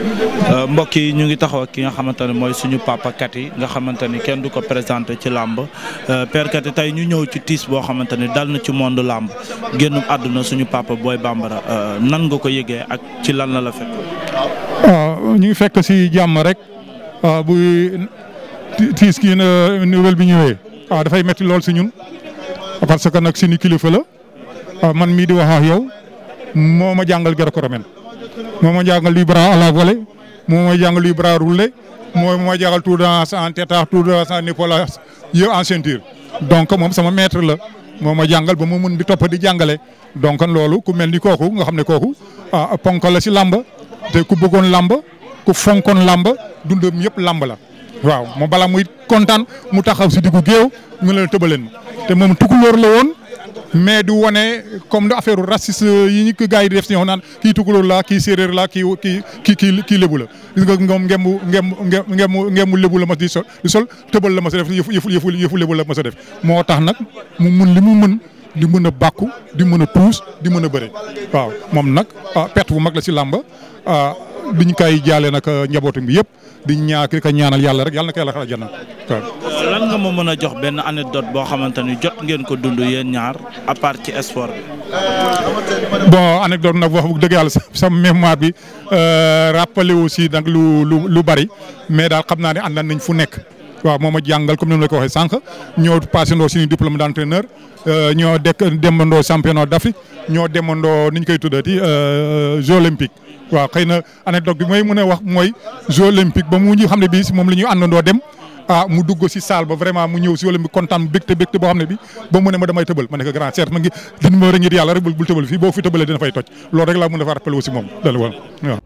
Euh, mbokk yi ñu ngi taxaw ak ki nga xamante ne mooy suñu papa Kati nga xamante ni kenn du ko présenté ci làmb euh, père Kati tey ñu ñëw ci tiis boo xamante ni dal na ci monde làmb génn àdduna suñu papa Boy Bambara euh, nan nga ko yëgee ak ci lan la la ah, ñu ngi fekk si jàmm rek ah, bu tiis bi ñëwee waaw ah, dafay metti si ñun parce que nag suñu kilifa la man mii di wax yow moo ma jàngal gerte ko moom moo jàngal luy bras à la volée moom moo jàngal luy bras roulé moom moo tout dans en tétard tout dans en en ceinture. donc moom sama maître la moom a jàngal ba mu mun di topp di jàngale donc loolu ku mel ni kooku nga xam ne kooku ah ponk si lamb te ku bëggoon làmb ku fonkoon làmb dundam yëpp lamb la. waaw mu balaa muy kontaan mu taxaw si diggu géew ñu leen tëbaleen te moom tukulóor la woon. mais du wane comme du affaire raciste yi ñu gars yi di def si ñoo naan kii tukulóor la kii séeréer la kii kii kii kii lébu la gis nga moom ngembu ngembu ngembu ngembu lébu la mas di sol di tëbal la mas a def yëfu yëfu yëfu lébu la mas a moo tax nag mu mën li mu mën di mën a bàkku di mën a tuus di mën a bëre waaw moom nag ah, perte bu mag la si làmba ah, biñ kay jaalee nag ah, njabootum bi yëpp di ñaa ka ñaanal yàlla rek yàlla na ko yàlla xaar lan nga moom mën a jox benn anecdote boo xamante ni jot ngeen ko dund yéen ñaar à part ci sport bi. bon anecdote nag wax dëgg yàlla sama mémoire bi euh, rappelé aussi nag lu lu lu bari mais daal xam naa ne àndaan nañ fu nekk. waaw moom a jàngal comme ni ma la ko waxee sànq ñoo passé ndoo suñu diplôme d' entraîneur euh, ñoo dekk d' Afrique ñoo demandoo ni ñu koy tuddati euh, Jeux olympiques waaw xëy na anecdote bi mooy mën a wax mooy Jeux olympiques ba mu ñu xam ne bii moom la ñu àndandoo dem. ah mu dugg si salle ba vraiment mu ñëw si wala mu kontaan bégte bégte boo xam ne bi ba mu ne ma damay tëbal ma ne ko grand ma ngi dina ma war a ngir rek bul tëbal fii boo fi tëbalee dina fay toj loolu rek laa mën a fa rappelé aussi moom dal waaw